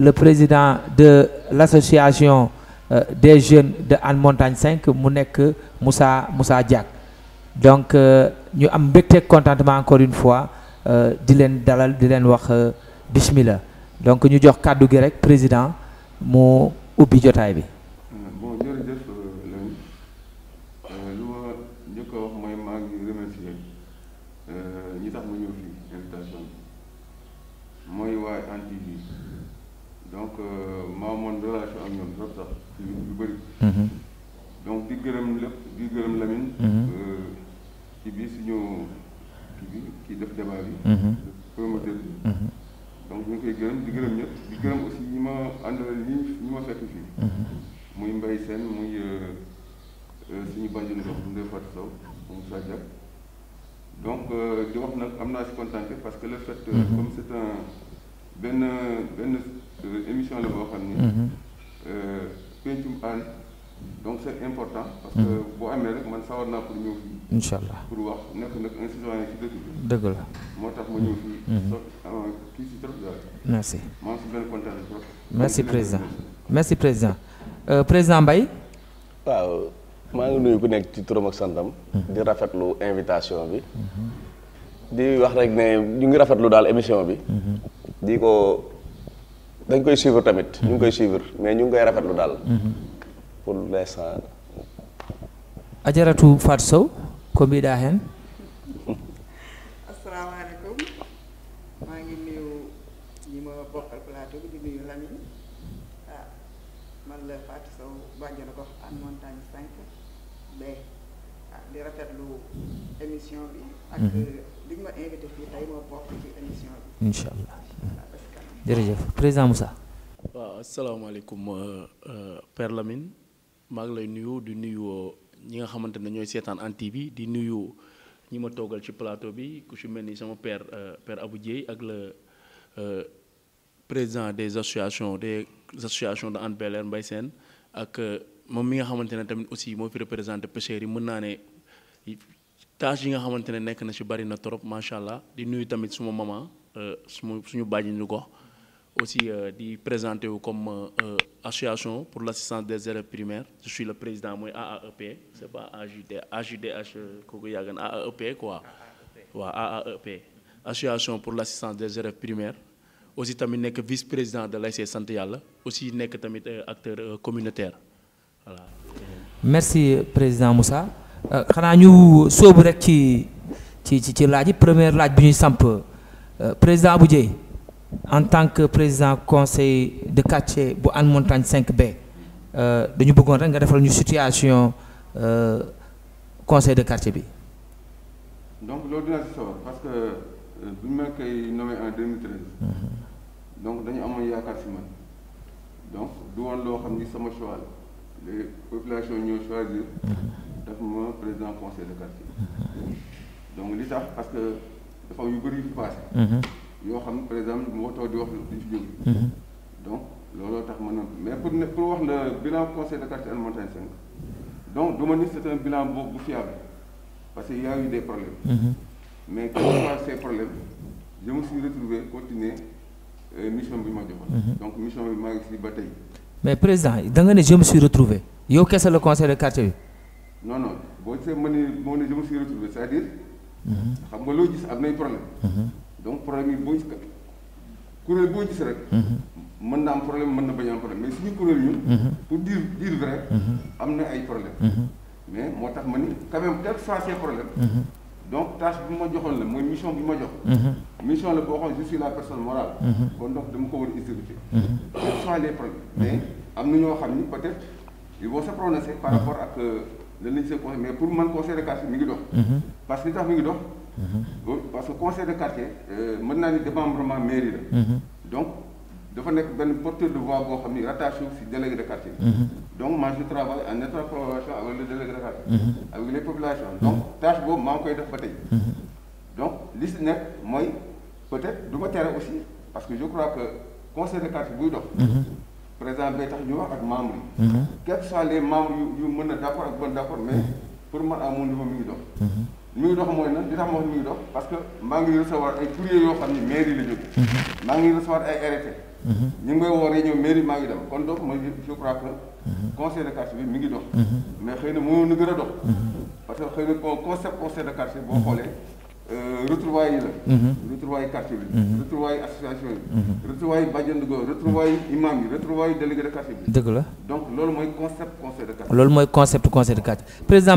le président de l'association euh, des jeunes de Anne Montagne 5 Mounek Moussa Moussa Diak donc nous euh, am contentement encore une fois euh, di leen dalal di wax bismillah donc nous jox cadeau gi rek président mon ubbi jotaay bi. Mhm. donc di gërëm lépp di gërëm Lamine. Mhm. Euh, ci bi suñu kii bi kii def débat bi. Mhm. promoteur bi. donc ñu ngi koy gërëm di gërëm ñëpp di gërëm aussi ñi ma àndal ñi ñi ma fekk fii. muy mbay Sène muy euh, euh, suñu bàjjenu gox bu Ndeye saw Sow Moussa Diak donc di wax nag am naa si contenté parce que le fait. comme c'est un benn benn émission la boo xam ni. pencum ànd. donc c' est important. parce que mm. boo amee rek man sawar naa pour ñëw fii. incha allah pour wax nekk nag un ci moo tax ma ñëw fii. Mm-hmm. so ah, kii si trop daal. merci président merci président euh, président waaw maa ngi nuyu ku nekk ci turam ak santam. Mm-hmm. di rafetlu invitation bi. Mm-hmm. di wax rek ne ñu ngi rafetlu daal émission bi. di ko dañ koy suivre tamit. ñu ngi koy suivre mais ñu ngi koy rafetlu daal. pour l'instant ajaratu Fatou Sow ko mbiɗa hen assalamu aleykum maa ngi nuyu ñi ma bokkal plateau bi di nuyu Lamine ah man la Fatou Sow bàjjana gox an montagne 5 b ah di rafetlu émission bi ak mhm. li ma invité fii tey ma bokk ci émission bi incha allah ah, jërëjëf président Moussa waaw asalaamaaleykum euh, euh, Père Lamine maa lay nuyu di nuyu euh, ñi nga xamante ne ñooy seetaan Hann TV di nuyu ñi ma toogal ci plateau bi ku ci mel ni sama père euh, per abu Dieye ak le euh, président des associations des associations de Hann mbay air Mbaye Sène ak moom mi nga xamante ne tamit aussi moo fi représenté pêcheurs yi mën naa ne tâche yi nga xamante ne nekk na ci bari na trop macha allah di nuyu tamit suma maman suma suñu bàjjenu ko aussi euh, de présenter comme euh, euh, association pour l'assistance des élèves primaires je suis le président de AAEP c'est pas AJDH AAEP quoi e AAEP association pour l'assistance des élèves primaires aussi tamit vice président de l'ASC e santé aussi je suis acteur communautaire merci président Moussa Quand ñu première président Abou en tant que président conseil de quartier bu Hann Montagne 5B euh, dañu bëggoon rek nga defal ñu situation euh, conseil de quartier donc loolu parce que euh, bu ñu ma nommé en 2013. Mhm. donc dañu amoon yaakaar si man donc du avons loo xam ni sama choix la les populations ont choisi, mhm. d'être ma président conseil de quartier mhm. donc li ça parce que dafa yu bëri yu passé yoo xam par exemple mhm. donc mais pour le bilan conseil de quartier donc c'est un bilan fiable parce qu'il y a eu des problèmes mhm. mais quels ces problèmes je me suis retrouvé continuer euh, mission ma mhm. donc mission ngi mais président je me suis retrouvé conseil de quartier non non je me suis retrouvé c'est-à-dire xam nga donc problème yi boo gis kuréel boo gis rek. Mm-hmm. mën na am problème mën na bañ problème mais suñu kuréel ñun. Mm-hmm. pour dire diir vrai. Mm-hmm. am na ay problème mais moo tax ma ni quand même quel que soit ces problèmes. donc tâche bi ma joxoon la mooy mission bi ma jox. mission la boo xam je suis la personne morale. kon donc dama ko war a exécuter. quel les problèmes. mais am na ñoo xam ni peut être ils vont se prononcer par rapport ak lan lañ see conseil mais pour man conseil de classe mi ngi dox. ngi parce que le conseil de quartier euh, maintenant il ni démembrement mairie la mhm. donc dafa que le porteur de voix boo xam rattaché au délégué de quartier mhm. donc moi je travaille en étroite collaboration avec le délégué de quartier mhm. avec les populations donc tâche est manquée de koy donc liste si moi peut-être du ma aussi parce que je crois que le conseil de quartier vous dox président bay tax ñu wax membres quels que les membres yu sont d'accord bon d'accord mais pour moi, à mon niveau mi mi dox que tax parce que maa recevoir ay courrier yoo mairie la mm-hmm. maa recevoir ay mm-hmm. mairie dem donc je crois que mm-hmm. conseil de quartier bi mais xëy na mënoon parce que concept conseil de quartier boo xoolee euh, retrouvailles yi la retrouvailles quartier bi association imam délégué de quartier donc loolu concept conseil de quartier concept conseil de quartier président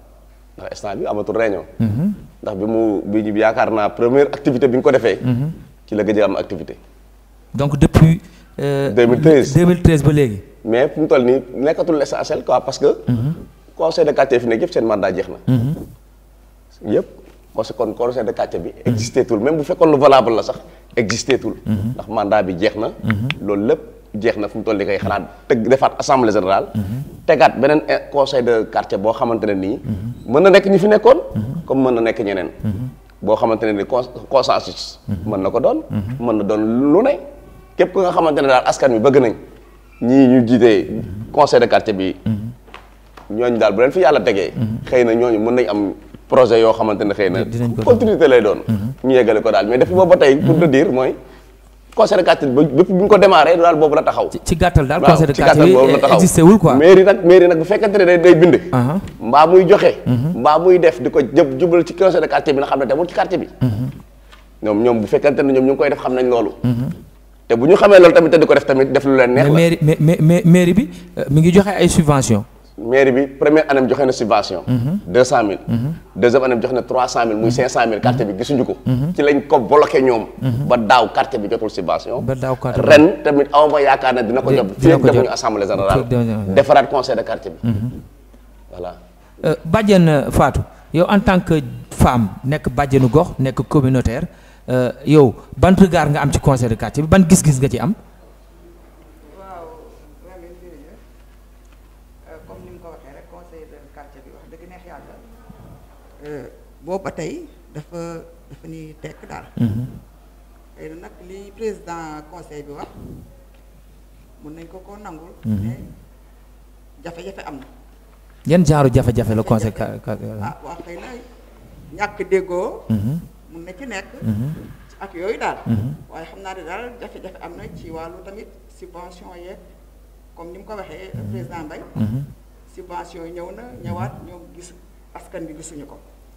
ndax instant bi amatul réunion. Mhm. ndax bi mu bi yaakaar naa première activité bi ñu ko defee. Mhm. ci la gëj am activité. donc depuis. Euh, 2013 2013 ba léegi. mais fu mu toll nii nekkatul l'essentiel quoi parce que. Mhm. conseil de quartier fi nekk yëpp seen mandat jeex na. yëpp parce que kon conseil de quartier bi. existé tul même bu fekkoon lu valable la sax existé tul. ndax mandat bi jeex na. loolu lépp. jeex na fu mu toll di koy xalaat tëgg defaat assemblée générale. tegaat beneen e- conseil de quartier boo xamante ne nii. mën na nekk ñi fi nekkoon. comme mën na nekk ñeneen. boo xamante ne nii consensus. mën na ko doon. mën na doon lu ne. képp ku nga xamante ne daal askan wi bëgg nañ ñii ñu jiite conseil de quartier bi. ñooñu daal bu leen fi yàlla tegee. xëy na ñooñu mën nañ am. projet yoo xamante ne xëy na continuité lay doon mhm. ñu yeggale ko daal mais def boobu ba tey pour mooy conseil de quartier ba bu ñu ko démarré daal boobu la taxaw. ci gàttal daal conseil de quartier bi existé wul quoi. mairie nag mairie nag bu fekkente ne day bind. Uh-huh. mbaa muy joxe. Uh-huh. mbaa muy def di ko jëb jubal ci conseil de quartier bi na xam ne demul ci quartier bi. Uh-huh. ñoom ñoom bu fekkente ne ñoom ñu ngi koy def xam nañ loolu. te bu ñu xamee loolu tamit te di ko def tamit def lu leen neex la. mais mairie mais mairie bi euh, mi ngi joxe ay subventions. mairie bi première année joxe na subvention. Mhm. deux cent mille. Mhm. deuxième année joxe na trois cent mille muy mhm. cent mille quartier bi gisuñu ko. ci lañ ko bloqué ñoom. ba daaw quartier bi jotul subvention. ba daaw quartier ren tamit amoo yaakaar ne dina ko jot. dina ko jot fii defuñu assemblée générale. defaraat conseil de quartier bi. voilà. Euh, bàjjen euh, Fatou yow en tant que femme nekk bàjjenu gox nekk communautaire euh, yow ban regard nga am ci conseil de quartier bi ban gis-gis nga ci am. booba tey dafa dafa ñuy tekk daal xëy mhm. na nag li président conseil bi wax mun nañ ko ko nangul mhm. mais jafe-jafe am na yan genre jafe-jafe la ah, ñàkk déggoo mhm. mun na ci nekk ak yooyu daal waaye xam naa ne daal jafe-jafe am na ci wàllu tamit subvention yeeg comme ni mu ko waxee président Mbaye subvention yi ñëw na ñëwaat ñoo gis askan bi gisuñu ko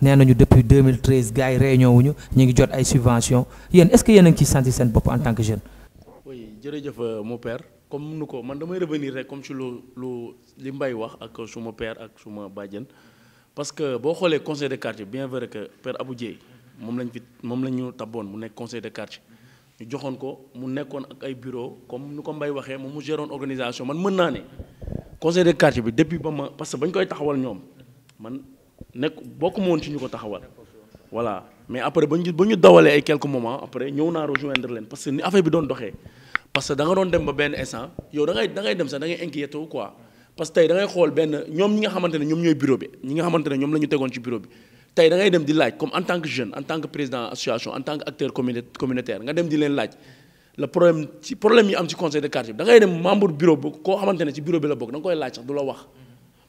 nee nañu depuis 2013 gars yi réunion wuñu ñu ngi jot ay subventions yeen est-ce que yeen a ngi senti sentir seen en tant que jeune. oui jerejeuf mon père comme nous, ko man damay revenir rek comme ci lu lu li mbay wax ak suma père ak suma bàjjen parce que bo xolé conseil de quartier bien vrai que père Abou djey mom lañ fi mom la ñu mu nekk conseil de quartier. ñu joxone ko mu nekkoon ak ay bureau comme nous, ko Mbaye waxee moom mu gérone organisation man meun naa conseil de quartier bi depuis ba parce que bañ koy taxawal ñom man nekk bokkuma won ci ñuko taxawal voilà mais après bañu bañu dawalé ay quelques moments après ñëw naa rejoindre len parce que ni affaire bi doon doxé parce que da nga doon dem ba ben instant yow da ngay da ngay dem sa da ngay inquiété wu quoi parce que tay da ngay xol ben ñom ñi nga xamantene ñom ñoy bureau bi ñi nga xamantene ñom lañu tégon ci bureau bi tay da ngay dem di laaj comme en tant que jeune en tant que président association en tant que acteur communautaire nga dem di len laaj le problème ci problème yi am ci conseil de quartier da ngay dem membre bureau bi koo xamante ci bureau bi la bok da ngoy laaj sax du la wax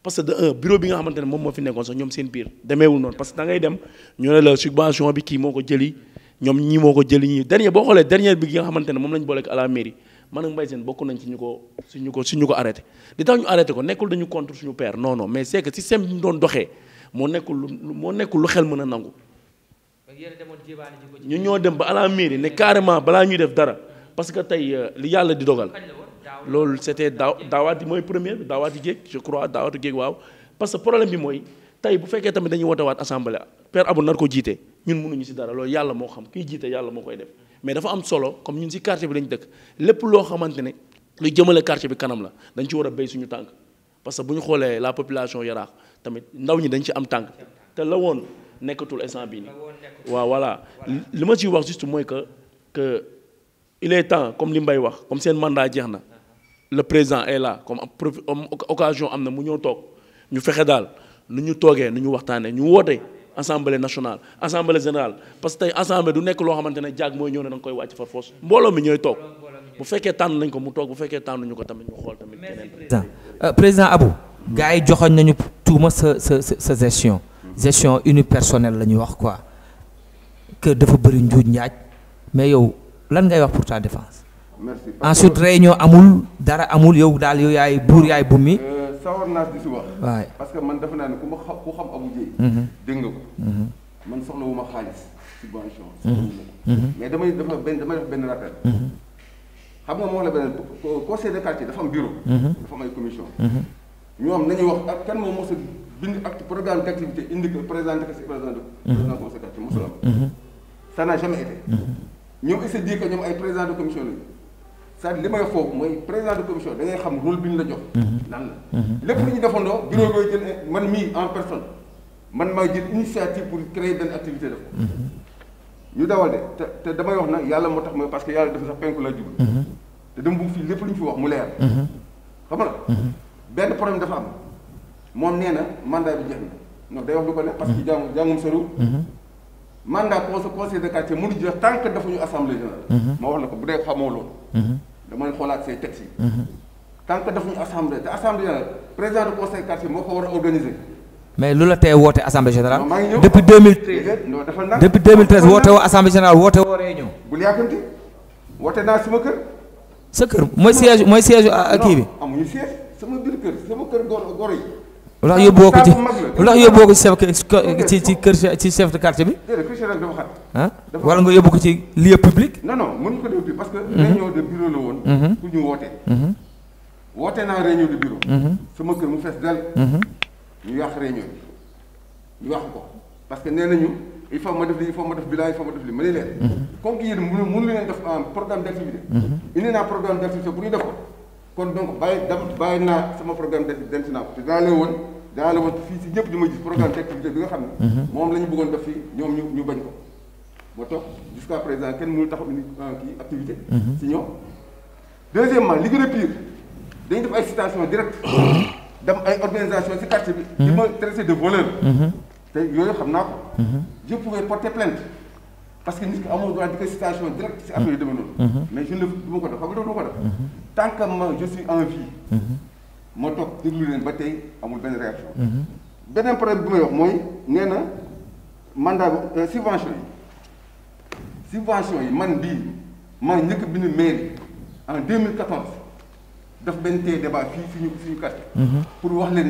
parce que de un euh, bureau bi nga xamante ne moom moo fi nekkoon sax ñoom seen biir demeewul noonu parce que dem ñu ne la subvention bi kii moo ko jëli ñoom ñii moo ko jëli ñii dernier boo xoolee dernier bi nga xamante ne moom lañ booleeg à la mairie man ak Mbaye nañ ci ñu ko suñu ko suñu ko arrêté li tax ñu arrêté ko nekkul dañu contre suñu père non non mais c'est que système ñu doon doxee moo nekkul lu moo nekkul lu xel mën a nangu. ñu ñoo dem ba à la mairie ne carrément balaa def dara parce que tey euh, li yàlla di dogal. loolu c'était daaw daawaati mooy première bi je crois daawaati geek waaw parce que problème bi moy tay bu fekkee tamit dañuy woote waat assemblée père Abou nar ko jiite ñun mënuñu si dara loolu yàlla moo xam kiy jiite yàlla moo koy def mais dafa am solo comme ñun si quartier bi lañ dëkk lépp loo xamante ne lu jëmale quartier bi kanam la dañ ci war a béy suñu tànk parce que bu ñu xoolee la population yaraax tamit ndaw ñi dañ ci am tànk te la woon nekkatul instant bii nii waaw voilà li ma wax juste mooy que que il est temps comme li mbay wax comme seen mandat jeex na le président est là comme occasion amna mu ñëw tok ñu fexé Nous nous ñu togué ñu nous ñu assemblée nationale assemblée générale parce que tay assemblée du nek lo xamantene ne jaag mooy ñëw ne da koy far force. mbolo mi ñoy tok bu féké tan nañ ko mu tok bu féké tan ñu ko tamit président euh, président Abou. gaay nañu nous sa gestion. gestion unipersonnelle wax quoi que dafa bëri ñu nous mais yow lan ngay wax pour ta défense. ensuite réunion amul dara amul yow daal yow yaay buur yaay bummi. sawar naa di si wax. waay parce que man defe naa ne ku ma xam ku xam Abou Dieye. Mhm. dégg nga ko. Mhm. man soxla wu ma xaalis subvention. Mhm. mais damay dafa benn damay benn rappel. xam nga moo la beneen conseil de quartier dafa am bureau. dafa am ay commission. ñoom nañuy wax ak kan moo a bind acte programme activité indi ko présenté président de. président conseil a jamais été. président de commission lañu. c'est-à-dire li may foofu mooy président de commission da ngay xam rôle bi ñu la jox. Mhm. lan la. Mhm. lépp lu ñu defandoo bureau booy jël eh, man mii en personne man maa jël initiative pour créer benn activité def mhm. ñu dawal de te te damay wax nag yàlla moo tax mooy parce que yàlla dafa sax penku la jublu. te dama bëgg fii lépp lu ñu fi wax mu leer. xam nga benn problème dafa am moom nee na mandat bi jeex na non day wax lu ko ne parce que jàngu jàngum soriwul. mandat conseil conseil de mu nu jeex tant que dafa ñu assemblée générale. moo wax la ko bu dee xamoo loolu. dama leen xoolaat say textes mhm. tant que defuñu assemblée te assemblée président du conseil quartier moo ko war organiser. mais lu la tey woote assemblée générale. depuis 2013 depuis 2013 woote woo assemblée générale woote woo réunion. bul yàkkamti woote naa sama kër. sa kër mooy siège mooy siège ah, kii bi. amuñu siège sama biir kër sama kër goro goro yi. lu tax yóbboo ko ci lu tax yóbboo ko ci chef ci ci chef de quartier bi. ah nga yóbbu ko ci lieu public. non non mën ko déglu parce que. Mhm. réunion de bureau la woon. Mhm. pour ñu woote. Mhm. woote naa réunion de bureau. sama kër mu fees dell. ñu yàq réunion bi ñu wax ko parce que nee nañu il faut ma def lii il ma def bilan il faut ma def lii ma ne leen. comme que yéen mënu mënu leen def euh, programme d' activité. indi naa programme d' bu ñu def ko. kon donc bay dam bàyyi naa sama programme de naa ko te daale woon daale woon fii si ñëpp ñu ma gis programme d'activité bi nga xam mom mhm. lañu la ñu bëggoon def fii ñoom ñu ñu bañ ko mo tax jusqu'à présent ken mënul taxaw ni ah, kii activité ci mhm. ñoom deuxièmement li gën pire dañu def ay citation directe mhm. dem ay organisation ci quartier bi dima ma traité de voleur té yooyu xamna naa ko je pouvais porter plainte parce que nit ki amoo droit di ko citation directe si affaire de demee noonu. Mhm. Mhm. mais je ne du ma ko def mhm. tant que ma je suis en vie. ma toog déglu leen ba tey amul benn réaction. beneen problème bi may wax mooy nee mandat euh, subvention subvention yi man bii maa njëkk bi bind mairie en 2014 daf benn tey débat fii suñu suñu quartier. pour wax leen.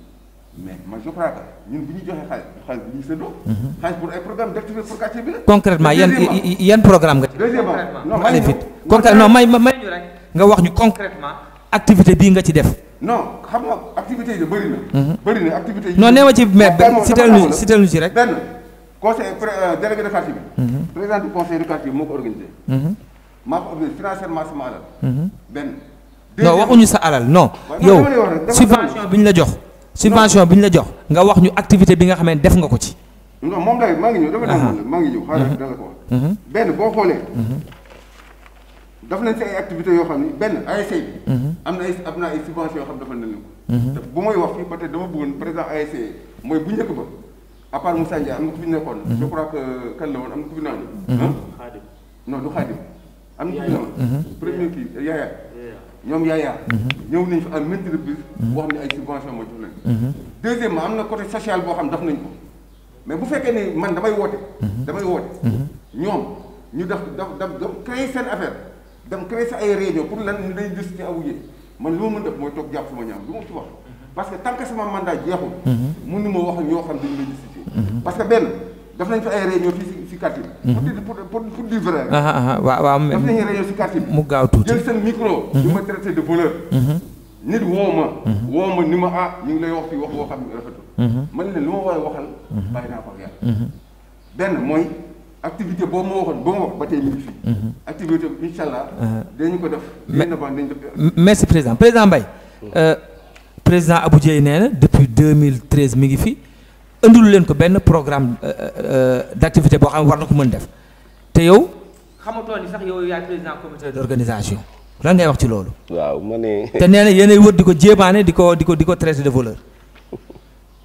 mais man je crois que ñun bu ñu joxee xaalis xaalis bu ñu séddoo. xaalis pour ay programme d'activité pour quartier bi la. concrètement yan yan programme nga. deuxièmement non allez vite concrètement may may ñu rek nga wax ñu concrètement activité bii nga ci def. non xam nga activité yi bëri na. Mhm. bëri na activité yi. non não, ma ci mais citeel ñu citeel ñu ci rek. benn conseil euh, délégué de quartier bi. Mhm. président du conseil de quartier bi moo ko organisé. Mhm. maa ko organisé financièrement sama alal. benn. non waxuñu sa alal non. yow subvention bi la jox. subvention bi ñu la jox nga wax ñu activité bi nga xam ne def nga ko ci. non moom lay maa ngi ñëw dafa demoon maa ngi ñëw xaaral mhm. dana ko mhm. benn boo xoolee. Mhm. daf nañ si ay activités yoo xam ni benn ASC bi. am na ay am na ay subventions yoo xam dafa nañ leen bu may wax fii peut dama bëggoon président ASC mooy bu am na ku fi nekkoon. je crois que kan la woon am na ku fi naan. non du Xaadim am na ku fi naan. premier kii Yaaya. ñoom yaayaa mhm. ñëw nañ fi am maintes bi boo xam ne ay subvention ma jox leen mhm. deuxièmement am na côté social boo xam daf nañ ko mais bu fekkee ne man damay woote mhm. damay woote ñoom ñu def daf daf dam créer seen affaire dem créer sa ay réunion pour lan ñu dañ gis ci awujee man li ma mën def mooy toog jàpp sama ñaam lu ma ci wax parce que tant que sama mandat jeexul mënu ma wax ñoo xam dañu lay discuter parce que benn merci président président mm. euh, président Abou depuis 2013 indilu leen ko benn programme euh, euh, euh, d' activité boo xam ne war na ko mën def te yow xamatoo ni sax yow yaay président comité d' organisation lan ngay wax ci loolu. waaw ma ne. te nee na yéenay wër di ko jéemaane di ko di ko di ko traité de voleur.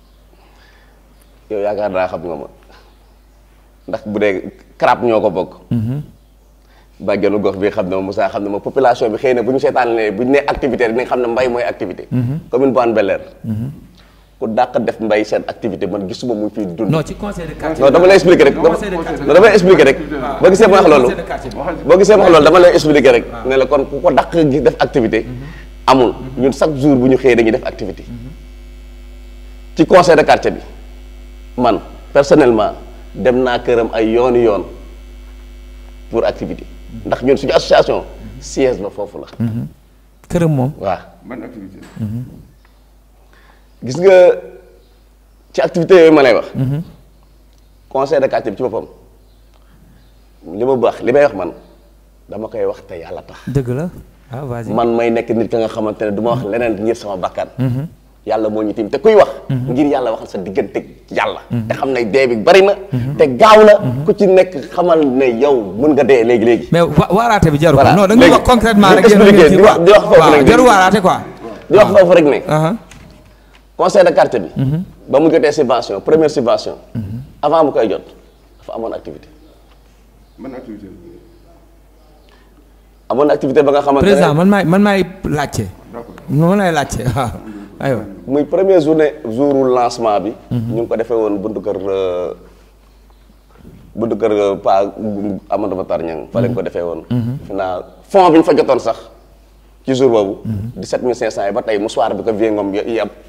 yow yaakaar naa xam nga ma ndax bu dee CRAP ñoo ko bokk. Mhm. bàjjenu gox bi xam ne ma Moussa xam ne ma population bi xëy na bu ñu seetaan ne bu ñu nee activité rek dinañ xam ne mbay mooy activité. Mhm. commune Hann Bel-Air. Mhm. ku dàq def mbay seen activité man gisuma mu fiy dund. non ci conseil de quartier non dama lay expliquer rek. non dama ma wax dama lay expliquer rek. Ah. ne kon ku ko dàq gi def activité. Mhm. amul ñun chaque jour bu ñu xëyee dañuy def activité. Mhm. ci conseil de quartier bi man personnellement dem naa këram ay yooni yoon pour activité mhm. ndax ñun suñu association siège ba foofu la. këram moom waaw. ban gis nga ci activité yooyu ma lay wax. Mhm. conseil de quartier bi ci boppam li ma baax li may wax man dama koy wax te yàlla tax. dëgg la ah vas-y man may nekk nit ka nga xamante ne du ma wax mhm. leneen ngir sama bakkan. Mhm. yàlla moo ñu te kuy wax. ngir yàlla wax sa diggante yàlla. te xam ne dee bi bari na. te gaaw na ku ci nekk xamal ne yow mën nga dee léegi léegi. mais wa waaraate bi jarul. voilà non da di wax di wax rek ne. Uh-huh. conseil de quartier bi. Mhm. ba mu jotee subvention première subvention. Mhm. avant bu koy jot dafa amoon activité. man activité amoon activité ba nga xam ne président man maay man maay laajte. man maay laajte waaw aywa. muy premier journée jouru lancement bi. Mhm. ñu ngi ko defee woon buntu kër euh, buntu kër euh, Pa Amadou Matar Niang fa lañ ko defee woon. defe naa fond bi ñu fa jotoon sax. ci jour boobu. 17500 mhm. yi ba tey musuwaar bi ko Vieux Ngom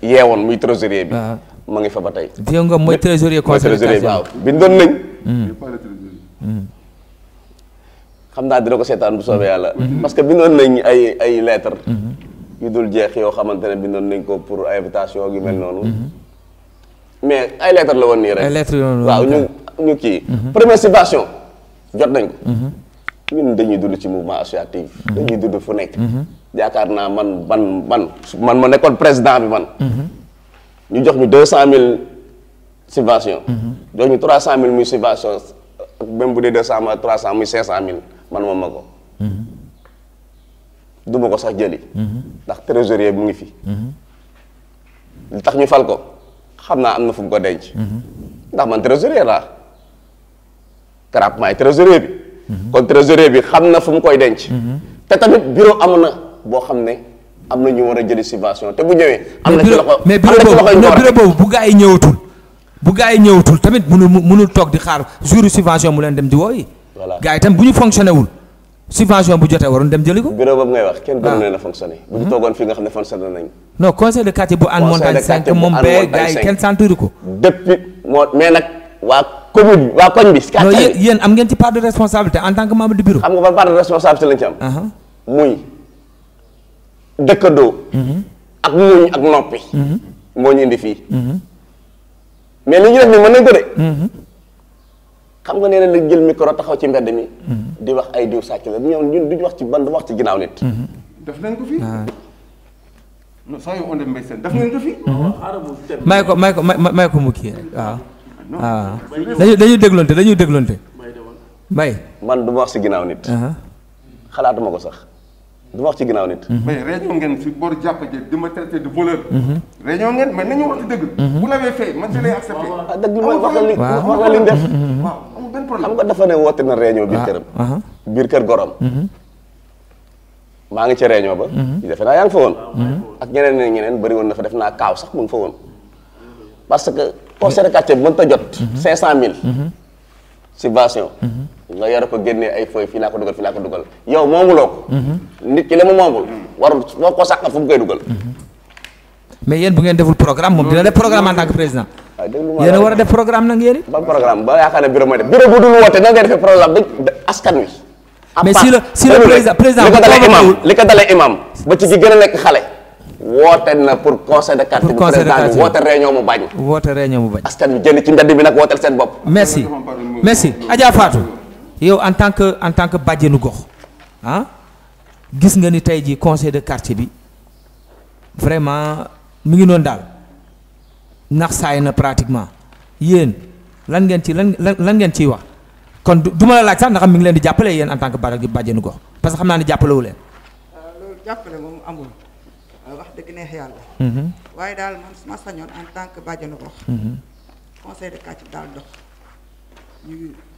yeewoon muy trésorier bi. Ah. ma ngi fa ba tey. Vieux Ngom mooy trésorier conseil bi waaw bindoon nañ. Hmm. Hmm. xam naa dina ko seetaan bu soobee hmm. yàlla. parce que bindoon nañ ay ay lettres. yu dul jeex yoo xamante ne bindoon nañ ko pour invitation yu mel noonu. mais ay lettres la woon nii rek. ay waaw ñu ñu kii. première situation jot nañ ko. ñun dañuy dund ci mouvement associatif. dañuy dund fu nekk. yaakaar naa man man man man ma nekkoon président bi man. ñu jox ñu deux cent mille subvention. jox ñu trois cent mille muy subvention même bu dee deux cent mille trois cent muy cinq cent mille man moom ma ko. du ko sax jëli. ndax trésorier bi mu ngi fi. li tax ñu fal ko xam naa am na fu ko denc. ndax man trésorier laa. CRAP maay trésorier bi. kon trésorier bi xam na fu mu koy denc. te tamit bureau am na. boo xam ne am na ñu war a jëli subvention te bu ñëwee. am na ci loxo mais bureau boobu mais bu gaa yi ñëwatul. bu gaa yi ñëwatul tamit mënul mënul toog di xaar jour subvention mu leen dem di wooyi. voilà gaa yi tam bu ñu fonctionné subvention bu jotee waroon dem jëli ko. Ah. bu ñu hmm. toogoon fii nga xam ne fonctionné nañ non conseil de quartier bu ànd montagne 5 moom bee gaa yi kenn santuru ko. depuis moo mais nag waa commune waa koñ bi. non yéen am ngeen ci part de responsabilité dëkkandoo. Mhm. ak muñ ak noppi. Mhm. moo ñu indi fii. Mhm. mais li ñu def nii mën nañ ko de. xam nga nee na la jël micro taxaw ci mbedd mi. di wax ay diw sàcc la ñoom ñun duñ wax ci ban du wax ci ginnaaw nit. def nañ ko fii. Ah. non saa ah, ko mu kii rek waaw. waaw ah. dañuy dañuy dégloonte dañuy dégloonte. mbay man du ma wax si ginnaaw nit. xalaatuma ko sax. du wax ci ginaaw nit mais réunion ngeen ci bor japp je dima traité de voleur réunion ngeen mais nañu wax deug bu lawé fé man ci lay accepter ah, ah, deug lu wax la li wax la li def amu ben problème xam nga dafa né woté na réunion bi ah, kërëm biir kër gorom ma mhm. nga ci réunion ba mhm. defé na yang fa won mhm. ak ñeneen ñeneen ñeneen bari won na fa def na kaaw sax mu nga fa won parce que conseil de quartier mën ta jot 500000 subvention nga yar ko genné ay foy fi la ko dugal fi la ko dugal yow moomuloo ko mhm. nit ki la mu moomul warul foo ko sàq fu ngay dugal mhm. mais yeen bu ngeen deful programme mom dina def programme en tant que président yéen wara def programme nak yéen ba programme ba yaakaar ne bureau mo def bureau bu dul wote nga ngay programme askan wi mais si le si le président président ko imam li ko imam ba ci gi gën a nekk na pour conseil de quartier pour conseil de quartier woote réunion mu bañ wote réunion mu bañ askan wi jënd ci ndad bi nak wote sen bop merci merci Adja Fatou yow en tant que en tant que badjenu gox ah gis nga ni tey jii conseil de quartier bi vraiment mi ngi non dal nax saay na pratiquement yéen lan ngeen ci lan lan ngeen ci wax kon duma ma la laaj sax xam mi ngi leen di jappalé yéen en tant que bàjjenu badjenu gox parce que xam naa ne jàppalewu leen. Euh, loolu jappalé moom amul euh, wax dëgg neex hmm waye dal man ma sañon en tant que bàjjenu gox. Mhm. conseil de quartier dal dox ñu.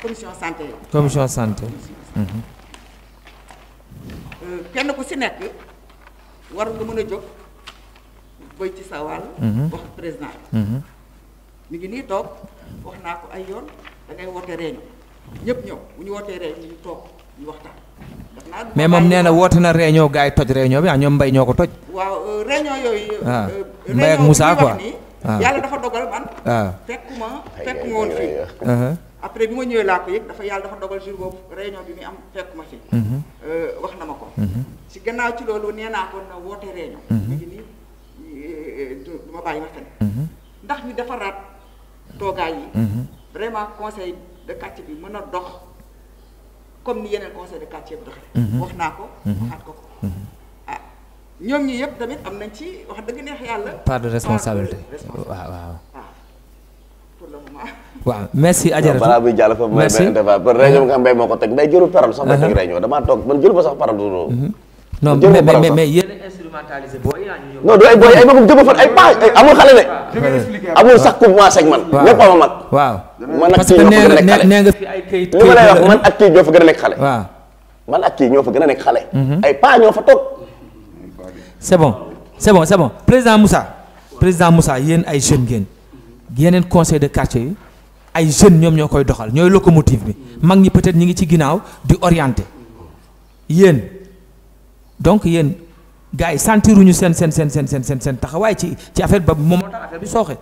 commission santé yi. commission santé. Euh, kenn ku si nekk war nga mën a jóg béy ci sa wàll. Mhm. wax président bi. Mhm. ngi nii toog wax naa ko ay yoon da ngay woote réunion ñëpp ñëw bu ñu wootee réunion ñu toog ñu waxtaan. mais moom nee na woote na réunion gars yi toj réunion bi ah ñoom mbay ñoo ko toj. waaw euh, réunion yooyu. waaw euh, ah, mbay ak Moussa quoi réunion ah. yàlla dafa dogal man. waaw ah. fekkuma fekk woon fii. Uh-huh. après bi ma ñëwee laa ko yëg dafa yàlla dafa dogal jour boobu réunion bi muy am fekk ma fi. Mhm. Euh, wax na ma ko. si mhm. gannaaw ci loolu nee naa ko na woote réunion. mu mhm. nii euh, du ma bàyyi ma fen ndax ñu defaraat toogaay yi. vraiment conseil de quartier bi mën a dox comme ni yeneen conseil de quartier bi doxee. wax naa ko. waxaat ko ko. Ah, ñoom ñi yëpp tamit am nañ ci wax dëgg neex yàlla. part de responsabilité waaw. waaw merci Adjaratou balaa muy jàll moo ko teg mbay jërul paral sax may teg uh-huh. réunion damaa toog man jëru ba sax paral doo mm-hmm. non mais mais mais yéen instrumentalisé booy yaa ñu non du ay booy ay magum jëma fan ay paa amul xale de amul sax ku commencé man ak kii ñoo fa gën a nekk xale fi ay man ak kii a nekk xale waaw man ak kii ñoo fa gën a nekk xale mm-hmm. ay paa ñoo fa toog c'est bon c'est bon c'est président Moussa président Moussa yéen ay jeunes ngeen yeneen conseil de quartier yi ay jeunes ñoom ñoo koy doxal ñooy locomotive bi mag ñi peut-être ñi ngi ci ginnaaw di orienter yéen donc yéen gars yi sentiruñu seen seen seen seen seen seen seen taxawaay ci ci affaire ba moom moo tax bi sooxe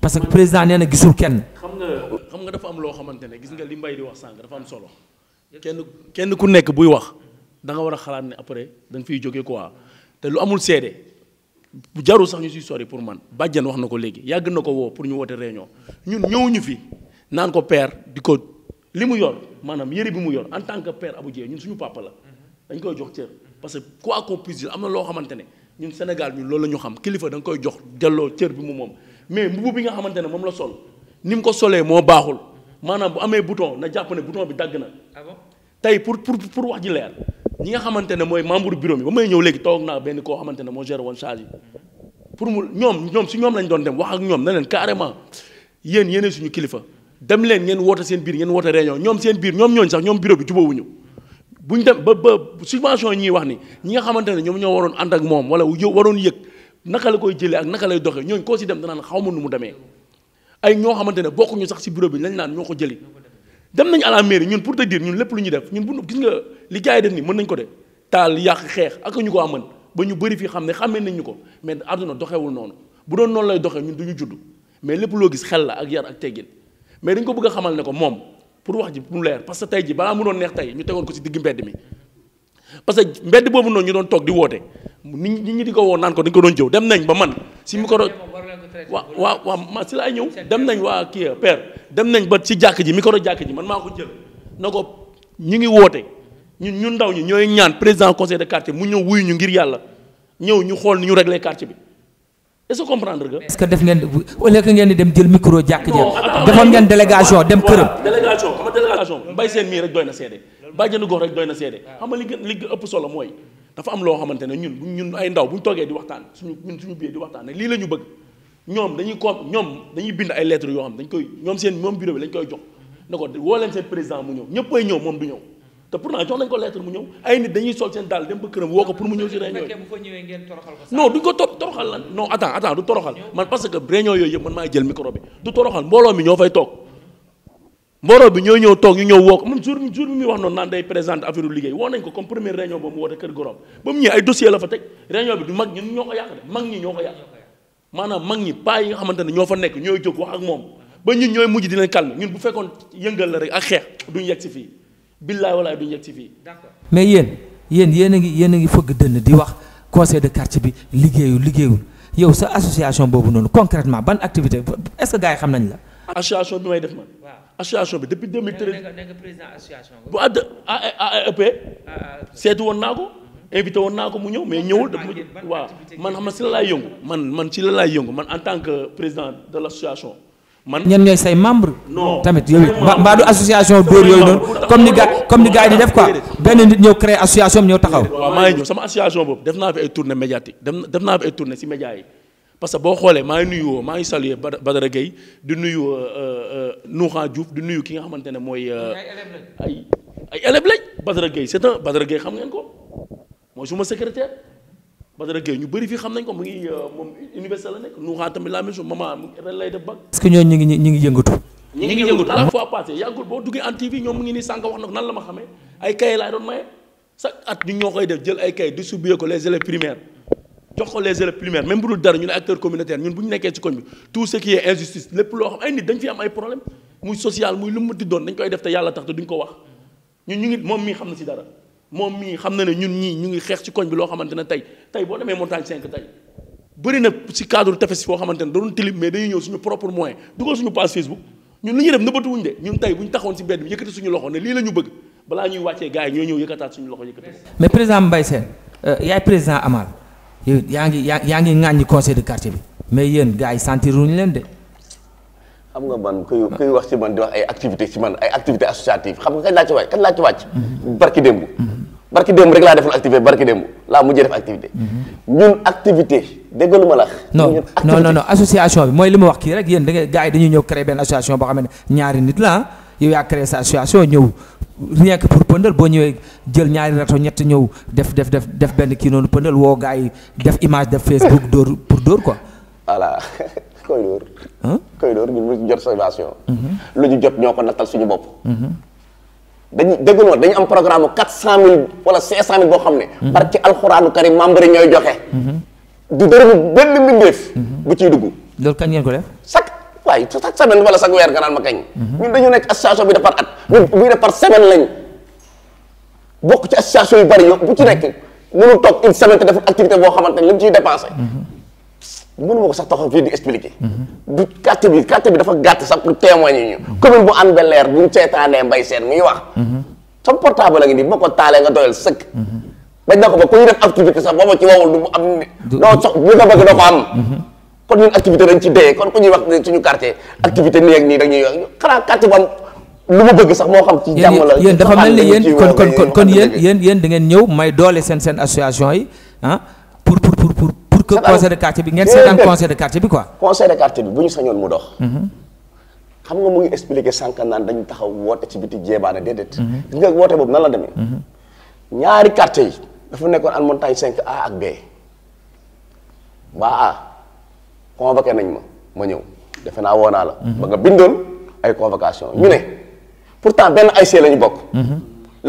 parce que président nee na gisul kenn. xam nga xam nga dafa am loo xamante ne gis nga li mbay di wax sànq dafa am solo kenn kenn ku nekk buy wax da nga war a xalaat ne après da fiy jóge quoi te lu amul seede. bu jarul sax ñu si sori pour man bàjjan wax na ko léegi yàgg na ko woo pour ñu woote réunion ñun ñëwuñu fi naan ko père di ko li mu yor maanaam yëre bi mu yor en tant que père Abou Dieye ñun suñu papa la dañ koy jox cër parce que quoi qu'on puisse dire amna lo xamantene ñun Sénégal ñun loolu lañu xam kilifa da koy jox delloo cër bi mu mom mais mbubu bi nga xamantene mom la sol nim ko solé mo baxul manam bu amé bouton na japp né bouton bi dag na ah tay pour pour pour wax ji leer ñi nga xamantene moy membre bureau bi ba may ñëw léegi toog naa benn koo xamante ne moo charge pour ñom ñom ñoom si ñoom lañ doon dem wax ak ñom na carrément yeen yéene suñu kilifa dem leen ngeen woote seen biir ngeen woote réunion ñoom seen biir ñoom ñooñ sax ñoom bureau bi jubóowuñu bu ñu dem ba ba subvention yi ñuy wax ni ñi nga xamante ne ñoom ñoo waroon ànd ak moom wala yë waroon yëg naka la koy jëlee ak naka lay doxee ñooñ koo si dem danaan xaw ma nu mu demee ay ñoo xamante ne sax si bureau bi lañ naan ñoo ko jëli dem nañ à ñun pour ñun lépp lu ñuy def ñun bu gis nga li def ni mën nañ ko de taal yàq xeex ak ñu ko amoon ba ñu bëri fii xam ne xamee nañ ñu ko mais àdduna doxewul noonu bu doon noonu lay doxee ñun du ñu judd mais lépp loo gis xel la ak yar ak teggin mais dañ ko bëgg xamal ne ko moom pour wax ji mu leer parce que tey ji balaa mënoon neex tey ñu tegoon ko ci digg mbedd mi parce que mbedd boobu noonu ñu doon toog di woote nit ñi ñi di ko woo naan ko dañ ko doon jëw dem nañ ba man si micro waa waaw waaw ma si laay ñëw dem nañ waa kii père dem nañ ba si jàkk ji micro jàkk ji man maa ko jël na ko ñu ngi woote ñun ñu ndaw ñi ñooy ñaan président conseil de quartier mu ñëw wuyu ñu ngir yàlla ñëw ñu xool ni ñu réglé quartier bi est-ce que comprendre nga. est-ce que def ngeen au ngeen di dem jël micro jàkk ja defoon ngeen délégation dem këram. mbay seen mii rek doy na seede bàjjenu gox rek doy na seede xam nga li ëpp solo mooy dafa am loo xamante ne ñun bu ñun ay ndaw bu ñu toogee di waxtaan su ñu suñu biir di waxtaan ne lii la ñu bëgg ñoom dañuy ko ñoom dañuy bind ay lettres yoo xam dañ koy ñoom seen moom bureau bi lañ koy jox ne ko woo leen seen président mu ñëw ñëppay ñëw moom du ñëw te pourtant jox nañ ko lettre mu ñëw ay nit dañuy sol seen daal dem ba këram woo ko pour mu ñëw si réunion yi non duñ ko toroxal lan non attends du toroxal man parce que yooyu yëpp man maay jël micro bi du toroxal mbooloo mi toog mbooloo ñëw woo ko man jour bi jour bi wax noonu naan day présente affaire liggéey woo nañ ko comme première réunion ba mu woote kër gorom ba mu ñëwee ay dossier la fa teg réunion bi du mag ñun ñoo ko yàq de mag ñi ñoo ko yàq maanaam mag ñi paa yi nga xamante ne ñoo fa nekk ñooy jóg wax moom ba ñun ñooy mujj ñun bu fekkoon yëngal la rek ak xeex duñ fii billahi wallahi duñ yegg ci fii. mais yéen yéen yéen a ngi yéen a ngi fëgg dënn di wax conseil de quartier bi liggéeyul liggéeyul yow sa association boobu noonu concrètement ban activité est-ce que gars yi xam nañ la. association bi may def man. association bi depuis 2013. bu àdd AEP. Ah, ah, seetu woon naa ko. invité woon naa ko mu ñëw mais ñëwul. waaw man xam na si la laay yëngu man man ci la laay yëngu man en tant que président de l'association. man ñenn ñooy say membre tamit yow mbaa du association dóor yooyu noonu comme ni gars comme ni gars yi di def ko benn nit ñëw créer association bi ñëw taxaw. waaw maa ngi ñëw sama association boobu def naa fi ay tournée médiatique def naa fi ay tournée si média yi parce que boo xoolee maa ngi nuyu maa ngi saluer Badara Gueye di nuyu euh, euh, Nouran Diouf di nuyu ki nga xamante ne mooy. Euh, ay ay élèves lañ Badara Gueye c'est un Badara Gueye xam ngeen ko mooy suma secrétaire. Badara Gueye ñu bëri fii xam nañ ko mu ngi euh, moom université la nekk Nouha tamit la même chose maman mu ren lay def bag. est ce que ñooñu ñu ngi ñu ngi yëngatu. ñu ngi yëngatu à la fois passé yàggul boo duggee en TV ñoom mu ngi nii sànq wax na ko nan la ma xamee ay kaye laay doon maye chaque at ñu ñoo koy def jël ay kaye distribuer ko les élèves primaires jox ko les élèves primaires même bu dul dara ñu ne acteur communautaire ñun bu ñu nekkee ci koñ bi tout ce qui est injustice lépp loo xam ay nit dañ fi am ay problème muy social muy lu mu ti doon dañ koy def te yàlla tax te duñ ko wax ñun ñu ngi moom mii xam na si dara moom mii xam na ne ñun ñii ñu ngi xeex ci koñ bi loo xamante ne tey tey boo demee montagne 5 tey bëri na si cadre tefes foo xamante ne da doon tilib mais dañu ñëw suñu propre moyen dugal suñu page Facebook ñun li ñuy def nëbbatuwuñ de ñun tey bu ñu taxoon si mbedd bi yëkkati suñu loxo ne lii la ñu bëgg balaa ñuy wàccee gars yi ñoo ñëw yëkkataat suñu loxo yëkkati. mais président Mbaye Sène euh, yaay président Amal yaa ngi yaa ngi ŋàññi conseil de quartier bi mais yéen gars yi sentir ruñu leen de. xam nga man kuy kuy wax di wax ay activité ci man ay activité associative xam nga kañ laa ci wàcc wàcc mm-hmm. barki barki démb rek laa defoon activité barki démb laa mujjee def activité. Mhm. ñun activité déggalu la. non non non association bi mooy li ma wax kii rek yéen da ngay gars yi dañuy ñëw créer benn association boo xam ne ñaari nit la yow yaa créer sa association ñëw rien que pour pëndal boo ñëwee jël ñaari rato ñett ñëw def def def def benn kii noonu pëndal woo gars yi def image def Facebook dóor pour dóor quoi. voilà koy dóor. koy dóor ñu jot sa mhm. lu ñu jot ñoo ko nattal suñu bopp. Mhm. dañu déglu ma dañu am programme quatre cent mille wala cinq cent mille boo xam ne. parce mhm. que alxuraanu karim membre yi ñooy joxe. Mhm. du dërëm benn mbindeef. Mhm. bu ciy dugg. loolu kañ ngeen ko def. chaque waaye chaque semaine wala chaque weer nga naan ma kañ. ñun dañu nekk association bi dafar at. ñun buy par semaine lañ bokk ci association yu bari yo bu ci nekk mënu toog une semaine te activité boo xamante ne li mu ciy dépensé. mënu ma ko sax taxaw fii di expliquer. du carte bi carte bi dafa gàtt sax pour témoigner ñu. commune bu Hann Bel-Air bu ñu seetaanee mbay seen muy wax. sama portable a ngi nii bu ma ko taalee nga doyal sëkk. na ko ba ku ñu def activité sax booba ci wowul du am. doo mhm. sox bu moo xam. ci jàmm la yéen dafa mel ni yéen kon may doole seen seen association yi ah, pour pour pour. que conseil de quartier bi ngeen seetaan conseil de quartier bi quoi. conseil de quartier bi bu ñu sañoon mu dox. Mhm. xam nga mu ngi expliqué sànq naan dañu taxaw woote ci biti jeebaane déedéet. Mhm. gis nga woote boobu na la demee. Mhm. ñaari quartier yi dafa nekkoon en montagne 5A ak B. waa A convoqué nañ ma ma ñëw defe naa woo naa la. ba nga bindoon ay convocation ñu ne pour pourtant benn ay la ñu bokk.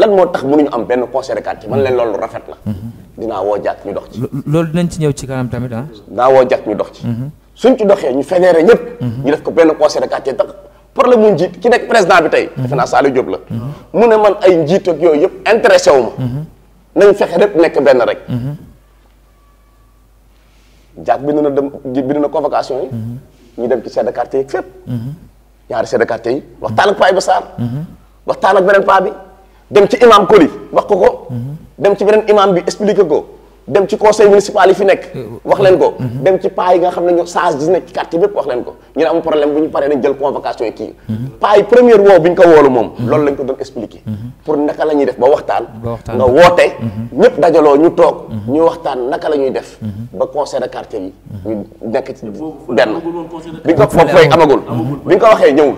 lan moo tax ñu am benn conseil de quartier man leen loolu rafet la mhm. dinaa woo jàkk ñu dox ci loolu dinañ ci ñëw ci kanam tamit ah dinaa woo jàkk ñu dox ci mhm. suñ ci doxee ñu fédéré ñëpp mhm. ñu def ko benn conseil de quartier tax problème mu ki nekk président bi tey defe naa Saliou la mu ne man ay njiit yooyu yëpp intéressé wu ma nañ fexe rek nekk benn rek jàkk bind na dem bind na convocation yi ñu dem ci chef de quartier yi fépp ñaari chef de quartier yi waxtaan ak paa bi Sarr waxtaan ak beneen paa bi dem ci imam Koli wax ko ko. dem ci beneen imam bi expliqué ko. dem ci conseil municipal yi fi nekk. wax leen ko. dem ci paa yi nga xam ne ñoo saa yi nekk ci quartier bépp wax leen ko ñu ne am problème bu ñu paree dañ jël convocation yi kii. paa yi première woo bi ñu ko woolu moom. loolu lañ ko doon expliqué. pour naka la ñuy def ba waxtaan. nga woote. ñëpp dajaloo ñu toog. ñu waxtaan naka la ñuy def. ba conseil de quartier yi. ñu nekk ci denn bi ñu ko foofu amagul. bi ñu ko waxee ñëwul.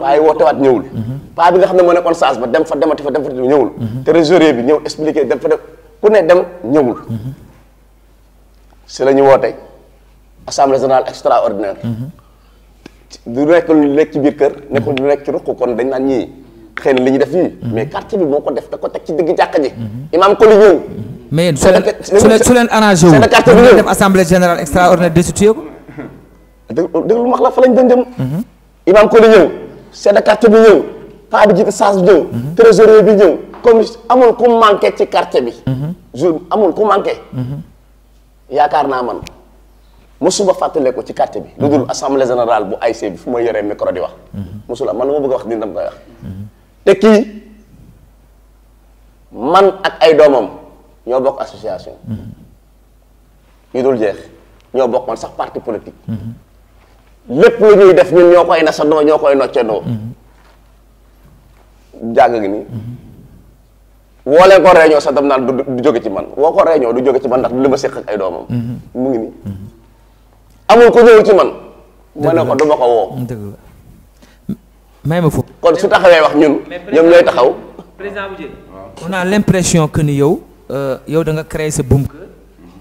paa yi woote waat ñëwul mm-hmm. paa bi nga xam ne moo nekkoon saas ba dem fa demati fa dem fa ñëwul mm-hmm. trésorier bi ñëw expliqué dem fa dem ku ne dem ñëwul mm-hmm. si la ñu woote assemblée générale extraordinaire du nekk lu nekk ci biir kër nekkul lu nekk ci ruq kon dañ naan ñii xëy li ñu def yii mais quartier bi moo ko def da ko teg ci digg jàkka ji imaam ko li ñëw su leen su leen arrangé quartier bi ñëw def assemblée générale extraordinaire destitué ko lu chef de quartier bi ñëw paa bi jiite saas bi ñëw trésorier bi ñëw comme amul ku manqué ci quartier bi jour amul ku manqué yaakaar naa man mosuma fàttale ko ci quartier bi lu dul assemblée générale bu AIC bi fu ma yore micro di wax mosula man lu ma bëgg a wax dina dama koy wax te kii man ak ay doomam ñoo bokk association yu dul jeex ñoo bokk man sax parti politique lépp lu ñuy def ñun ñoo koy nasandoo ñoo koy noccandoo mm-hmm. jàng gi nii mm-hmm. woo leen ko réunion sax dam naan du jóge ci man woo ko réunion du jóge ci man ndax du li ma séq ay doomam mm-hmm. mu ngi nii amul ko ñëwul ci man ma ne ko du ma ko woo may ma foofu kon su taxawee wax ñun ñoom ñooy taxaw président Boudiène on a l'impression que ni yow euh, yow danga nga créer sa bunker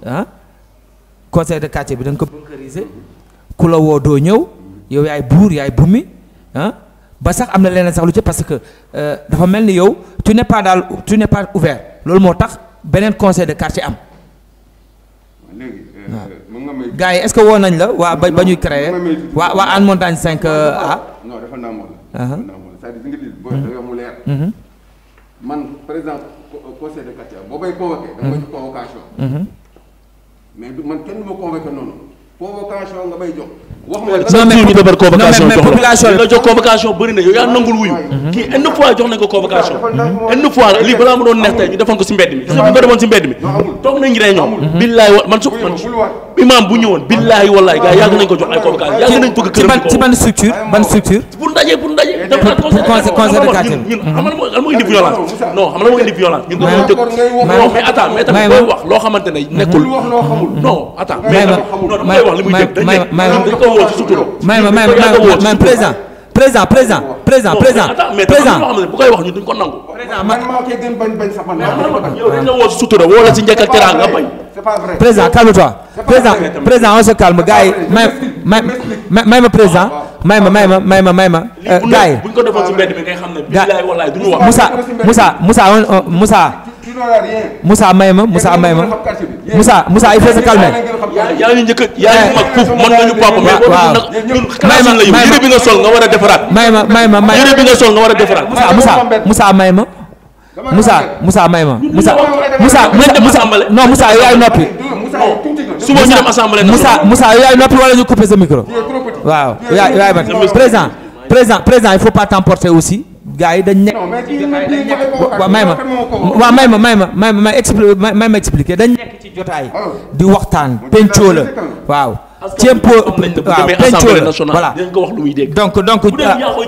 ah conseil de quartier bi da nga ko ku la woo doo yow yaay bour yaay bumi hein ba sax amna na leneen sax lu ci parce que euh dafa melni yow tu n'es pas dal tu n'es pas ouvert loolu moo tax beneen conseil de quartier am. léegi euh, nga yi est-ce que woo nañ la wa bañu créer wa wa an montagne 5 a ah. non dafa naamoon la. dafa naamoon la c'est-à-dire nga boo mhm. mu leer. Mhm. man par exemple euh, conseil de quartier boo bay convoqué. da nga may mhm. convocation. mais man kenn du ma convoqué noonu. convocation nga may jox. wax ma la mais convocation jox la jox convocation bëri na yaa nangul wuyu. kii une fois jox nañ ko convocation. une fois lii balaa ma doon neex ñu defoon ko si mbedd mi. gis nga bu ñu si mbedd mi. toog nañ ñu ñoom. billaay man su man imam bu ñëwoon billaahi wallaahi gars yàgg nañ ko jox ay convocation yàgg nañ bëgg këram ci ban structure ban structure pour ndaje pour ndaje conseil de quartier ñun xam nga lan moo indi ah, violence non xam nga lan moo indi violence ñun dañoo dëkk non mais attends mais tamit booy wax loo xamante ne nekkul non attends mais non damay wax li muy dëgg dañ ne dañ ko woo ci sutura may ma may ma président président président président président président bu koy wax ñu duñ ko nangu. président man maa koy gën bañ bañ sax man. yow dañ la woo si sutura woo la si njëkk ak teraanga nga bañ. président calme-toi président président on se calme gars yi may may may ma président ah, ah. may ma may ma may ma may ma euh, gars yi. buñ ko defoon si mbedd mi ngay xam ne billaay wallaay duñu wax. Moussa Moussa Moussa Moussa. Moussa may ma Moussa Moussa ma Moussa Moussa il faut se calmer. yaa ngi njëkk Moussa ngi Moussa, Moussa mën Moussa, Moussa, Moussa, waaw may ma yére bi nga sol nga war a defaraat. may ma may ma may yére bi nga sol nga war a defaraat. Moussa Moussa may ma Moussa Moussa may ma Moussa Moussa Moussa non Moussa yow yaay noppi. suba ñu dem assemblée Moussa Moussa couper sa micro. waaw yaay yaay ma président président président il faut pas t'emporter aussi. gars yi da nekk. non mais kii ma waaw may ma waaw may ma may ma may ma may ma expliqué dañ nekk ci jotaay. Oh. di waxtaan pencoo la waaw. cempo waaw pencoo la voilà donc donc. bu dee euh, yaa koy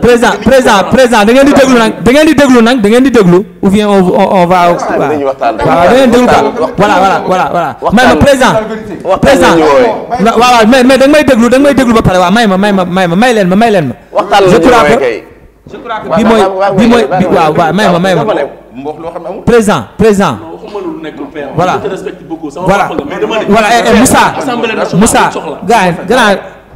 présent présent présent da ngeen di déglu da Voilà, di on va. voilà voilà voilà voilà. mais ma présent voilà mais mais je voilà eh, eh, gars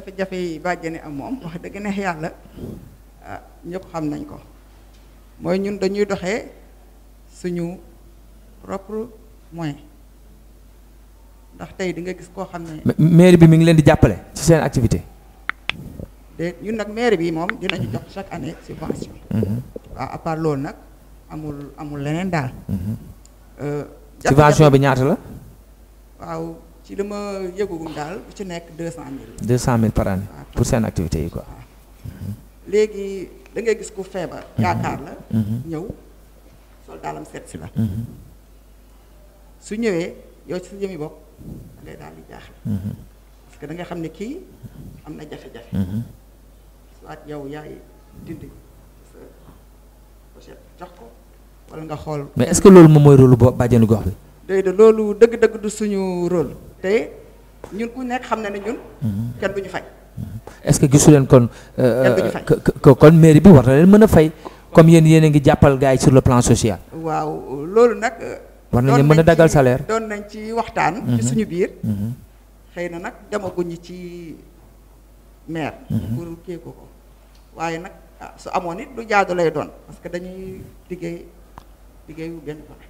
jafe-jafe yi ni am moom wax dëgg neex yàlla ah ñëpp xam nañ ko mooy ñun dañuy doxee suñu propre moyen ndax tey di nga gis koo xam ne. mairie bi mu ngi leen di jàppale ci seen activité. de ñun nag mairie bi moom dinañu jox chaque année subvention. Mm-hmm. waaw à part nag amul amul leneen daal. Mm-hmm. Euh, subvention bi ñaata la. waaw. ci li ma yëgugum daal bu ci nekk deux cent mille. deux par année pour seen activité yi quoi. léegi da ngay gis ku feebar. Mhm. yaakaar la. Mhm. ñëw sol daalam seet si la. Mhm. su ñëwee yow ci sa jëmi bopp da ngay daal di jaaxle. parce que da xam ne kii am na jafe-jafe. soit yow yaay dindi sa pochette nga xool. mais est-ce que loolu moom mooy rôle lu boo bàjjenu gox bi. déedéet loolu dëgg-dëgg du suñu rôle. te ñun ku nekk xam na ne ñun. kenn du ñu fay. est-ce que gisu leen kon. Euh, kenn kon mairie bi war na leen mën a fay comme yéen yéen a ngi jàppal gars yi sur le plan waaw loolu nag. Euh, war nañu mën a dagal salaire doon nañ ci waxtaan. ci mhm. suñu biir. Mhm. xëy na nag demaguñu ci maire. Mhm. pour kii ko waaye nag ah, su amoon it lu jaadu lay doon parce que dañuy liggéey liggéeyu benn baax.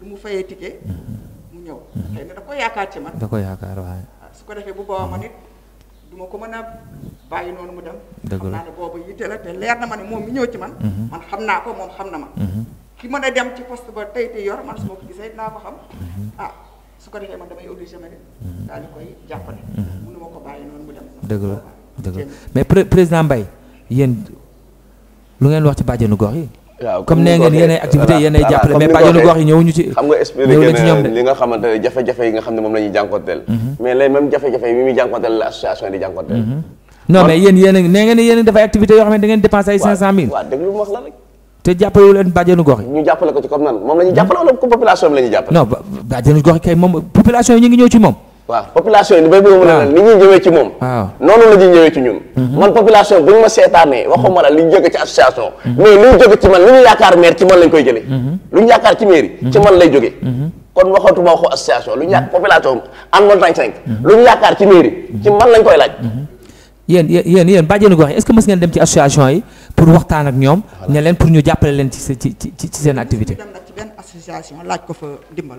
lu mu fayee ticket. mu ñëw xëy na ko yaakaar ci man. da ko yaakaar waaye. Ah, su ko defee bu boobaa ma nit du ma ko mën a bàyyi noonu mu dem. dëgg la xam naa leer na ma ne moom mi ñëw ci man. Mhm. xam naa ko moom xam na ma. Mhm. ki mën a dem ci poste ba tey te yor man su ko gisee dinaa mhm. ah, ma nit ko bàyyi la dëgg la ah, mais président Mbaye yéen lu ngeen wax ci bàjjenu gox yi. waaw comme nee ngeen yeneen activité yeneen jàppale mais bàjjenu gox yi ñëwuñu ci xam nga expliqué nga xam ne moom la ñuy mhm. mais les mêmes jafe mhm. mais yéen yéen nee ngeen yéen dafay activité yoo xam ne da ngeen dépensé cinq cent mille te jàppalewu leen bàjjenu gox yi ñu jàppale ko ci comme nan moom la jàppale wala population population yi ñu ngi ñëw ci moom waaw population yi li bay bëgg mu ne la ni ñuy moom noonu la ñuy ñëwee ci ñun mhm. man ma seetaanee waxuma ci association mhm. mais lu ñu jóge ci man lu ñu yaakaar maire ci man lañ koy jëlee mhm. lu ñu yaakaar lu ñu yaakaar population àndoon nañ cinq lu ñu ci mairie ci lañ koy laaj yéen yéen yéen bàjjenu gox yi est-ce que mës dem ci association yi pour waxtaan ak ñoom ne leen pour ñu jàppale leen ci ci ci seen activité dem nag ci benn ko fa dimbal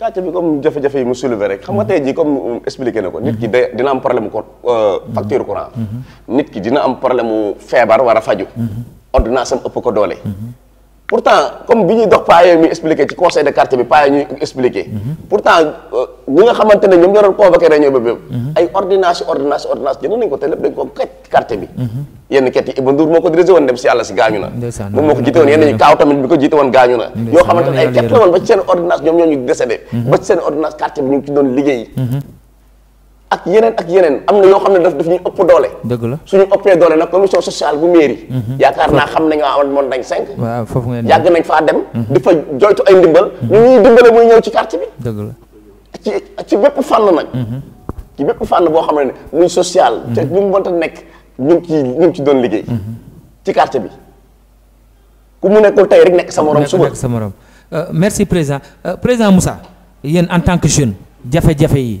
kàcce bi comme jafe-jafe yi mu soulevé rek xam nga mhm. tey jii comme euh, expliqué na ko nit ki day dina am problème ko euh, mhm. facture courant mhm. nit ki dina am problème mu feebar war a faju ordonnance am ëpp ko doole pourtant comme bi ñuy dox paa yooyu muy ci conseil de quartier bi paa yi ñuy expliqué. pourtant euh, ñi nga xamante ne ñoom ñoo doon convoqué réunion ba bépp. Mm-hmm. ay ordonnance bi. Mm-hmm. yenn ket yi gaañu na. moom moo ko jiite woon yenn ñi kaaw tamit bi ko jiite woon gaañu na. yoo xamante ne ay woon ba ci seen ordonnance ñoom ñoo ñu décédé. Mm-hmm. ba ci seen ordonnance quartier bi ñu ci doon liggéey. ak yenen ak yenen amna yo xamne daf daf upp doole. deug la suñu uppé doole nak commission sociale bu mairie. Mhm. yaakar na xam nañ amone mon dañ 5 waaw fofu ngeen yag nañ fa dem. Mhm. di fa joytu ay ndimbal. ñu mhm. ñuy dimbalé moy ñew ci quartier bi. deug la ci ci nak mm -hmm. ci bépp fànn boo xam ne muy social. te bu mu mënta nek ñu ci ñu ci doon liggéey. ci quartier bi ku mu nekkul tay rek nek sa morom suba. sa morom euh, merci président euh, président Moussa yeen en tant que jeune jafé jafé yi.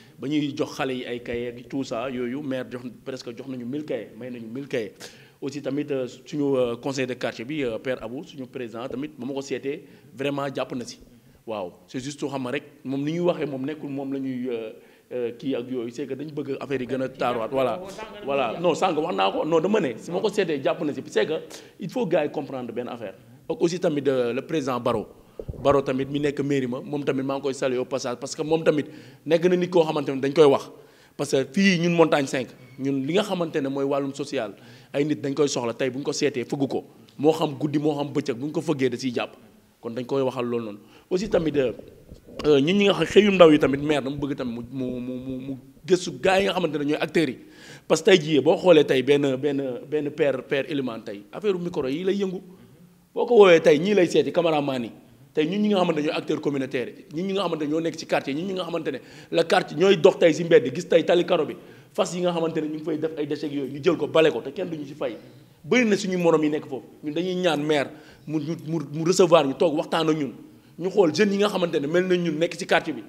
ba ñuy jox xale yi ay cahier ak tout ça yooyu maire jox presque jox nañu 1000 cahiers may nañu 1000 cahiers aussi tamit euh, suñu euh, conseil de quartier bi euh, père Abou suñu président tamit ba ma ko seetee vraiment japp na ci waaw c'est juste xam rek moom ni ñuy waxee moom nekkul moom la ñuy kii ak yooyu c'est que dañu bëgg affaire yi gën a taaruwaat voilà. voilà non sànq wax naa ko non dama ne si ma ko seetee jàpp na si c'est que il faut gars yi comprendre benn affaire ak aussi tamit le président Baro. baro tamit mi nekk mairie ma moom tamit maa ngi koy saluer au passage parce que moom tamit nekk na nit koo xamante ne dañ koy wax parce que fii ñun montagne 5 ñun li nga xamante ne mooy wàllum social ay nit dañ koy soxla tey bu ñu ko seetee fëgg ko moo xam guddi moo xam bëccëg bu ñu ko fëggee da ciy jàpp kon dañ koy waxal loolu noonu aussi tamit euh, euh, ñun ñi nga xam xëyum ndaw yi tamit maire dama bëgg tamit mu mu mu mu gëstu gars yi nga xamante ne ñooy acteurs yi parce que tey jii boo xoolee tey benn benn benn père père élément tey affaire micro yi lay yëngu boo ko woowee tey ñii lay seeti cameraman yi tey ñi nga xamante ñooy acteur communautaire ñun ñi nga xamante ñoo nekk ci quartier ñun ñi nga xamante ne la quartier ñooy dox tey si mbedd gis tey tali karo bi fas yi nga xamante ne ñu ngi fay def ay déchets ko bale ko te kenn duñu ci nekk foofu ñun dañuy ñaan maire mu mu toog waxtaan ak ñu xool jeunes yi nga na ñun nekk ñu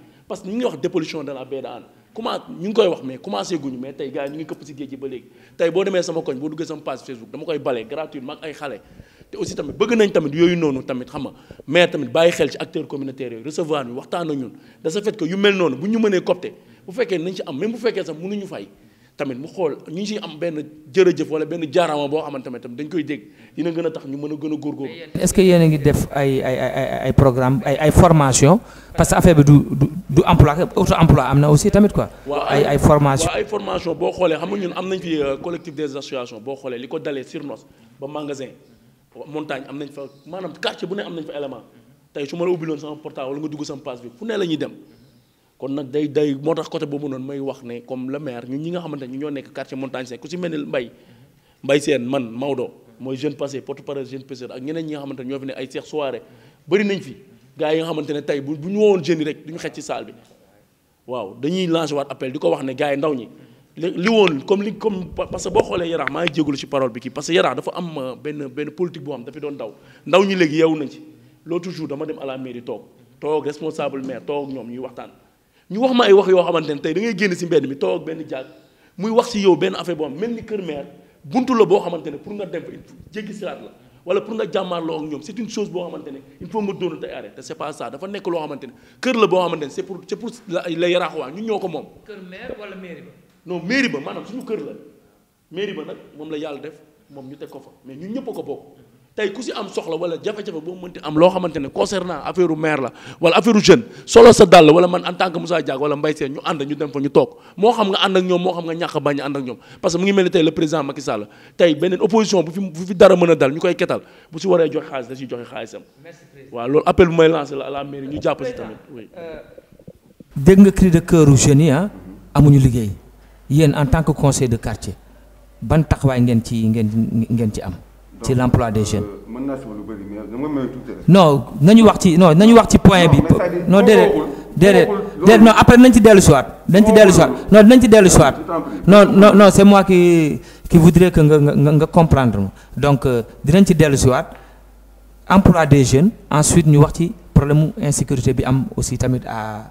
ngi wax dépollution de la baie de Hann comment ñu ngi koy wax mais commencé guñu mais tey gars yi ñu ngi këpp si géej gi ba léegi tey boo demee sama koñ boo duggee sama page Facebook dama koy bale gratuitement ak ay xale te aussi tamit bëgg nañ tamit yooyu noonu tamit xam nga mais tamit bàyyi xel ci acteur communautaire yi recevoir ñu waxtaan ak ñun da sa fait que yu mel noonu bu ñu mënee copte bu fekkee nañ ci am même bu fekkee sax mënuñu fay tamit mu xool ñu ci am benn jërëjëf wala benn jaaraama boo xamante ne tamit dañ koy dégg dina gën a tax ñu mën a gën a góorgóorlu. est-ce que yéen a ngi def ay ay ay ay programme ay ay formation parce que affaire bi du du du emploi auto emploi am na aussi tamit quoi. ay ay formation waaw ay formation boo xoolee xam nga ñun am nañ fi euh, collectif des associations boo xoolee li ko dalee Sirnos ba magasin. montagne am nañ fa maanaam quartier bu ne am nañ fa élément tey su ma la ubbiloon sama portable wala nga dugg sama pass bi fu ne la ñuy dem kon nag day day moo tax côté boobu noonu may wax ne comme le maire ñi nga xamante ne ñoo nekk quartier montagne sec ku si mel ni Mbaye Mbaye Sène man Maodo mooy jeune passé porte-parole jeune pêcheur ak ñeneen ñi nga xamante ne ñoo fi ne ay Cheikh Souaré bëri nañ fi gars yi nga xamante ne tey bu bu ñu woowoon jeunes yi rek du ñu xëcc ci salle bi waaw dañuy lancer waat wax ne gars yi ndaw ñi li woon comme li comme parce que boo xoolee yaraax maa ngi jégalu ci parole bi kii parce que yaraax dafa am euh, benn benn politique boo xam dafa doon daw ndaw ñi léegi yeewu nañ ci l'autre jour dama dem à la mairie ñu wax ma ay wax yoo xamante ne tey da ngay génn si mbedd mi toog benn jaag muy wax si yow benn affaire boo xam mel ni kër maire buntu la boo xamante ne pour nga dem fa jéggi siraat la wala pour boo xamante ne il faut nga dafa nekk loo xamante ne kër la boo xamante ne c'est pour c'est pour la yaraax waa ñoo ko moom. kër maire non mairie ba maanaam suñu kër la mairie ba nag moom la yàlla def moom ñu teg ko fa mais ñun ñëpp a ko bokk tey ku si am soxla wala jafe-jafe boo mënti am loo xamante ne concernant affaire u maire la wala affaire u jeune solo sa dàll wala man en tant que Moussa Diack wala Mbaye Sène ñu ànd ñu dem fa ñu toog moo xam nga ànd ak ñoom moo xam nga ñàkk bañ ànd ak ñoom parce que mu ngi mel ni tey le président Macky Sall tey beneen opposition bu fi bu fi dara mën a dal ñu koy ketal bu si la à la mairie ñu jàpp si tamit oui euh, dégg nga u jeunes yi ah, amuñu liggéey yéen en tant que conseil de quartier ban taxawaay ngeen ci ngeen ngeen ci am. ci l'emploi des euh, jeunes. non nañu wax ci non nañu wax ci point bi. non dédé dédé non après nañ ci délu soir. waat nañ ci délu si non nañ ci délu soir. non non non c'est moi qui qui voudrais que nga nga comprendre donc euh, dinañ ci délu soir. emploi des jeunes ensuite ñu wax ci problème insécurité bi am aussi tamit à.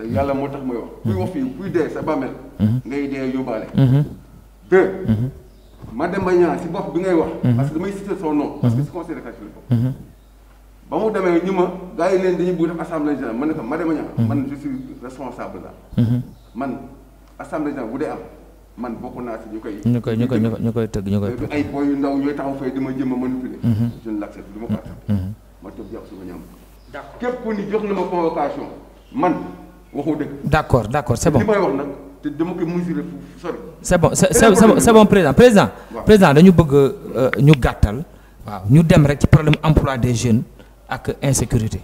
te yàlla moo tax mooy wax. kuy wax fii kuy dee sa bàmmeel. Mhm. ngay dee yóbbaale. Mhm. deux. Mhm. a Niang si bopp bi ngay wax. parce que damay citer son nom. parce que si conseil de quartier la bokk. ñu ma gars yi leen dañuy bëgg def assemblée générale man ne ko Mademba man je suis responsable man assemblée bu dee am. man bokk naa si ñu koy. ñu koy ñu koy ñu koy tëgg ñu koy. ay boy ndaw ñooy taxaw fay dama jëm a manipuler. je ne l'accepte du ma ko accepté. ma toog jàpp suma ñam. d'accord képp ku ni jox na ma convocation man. D'accord, d'accord, c'est bon. C'est bon C'est bon c'est bon président président. présent. nous bëgg euh, ñu gàttal. waaw ñu problème emploi des jeunes avec insécurité.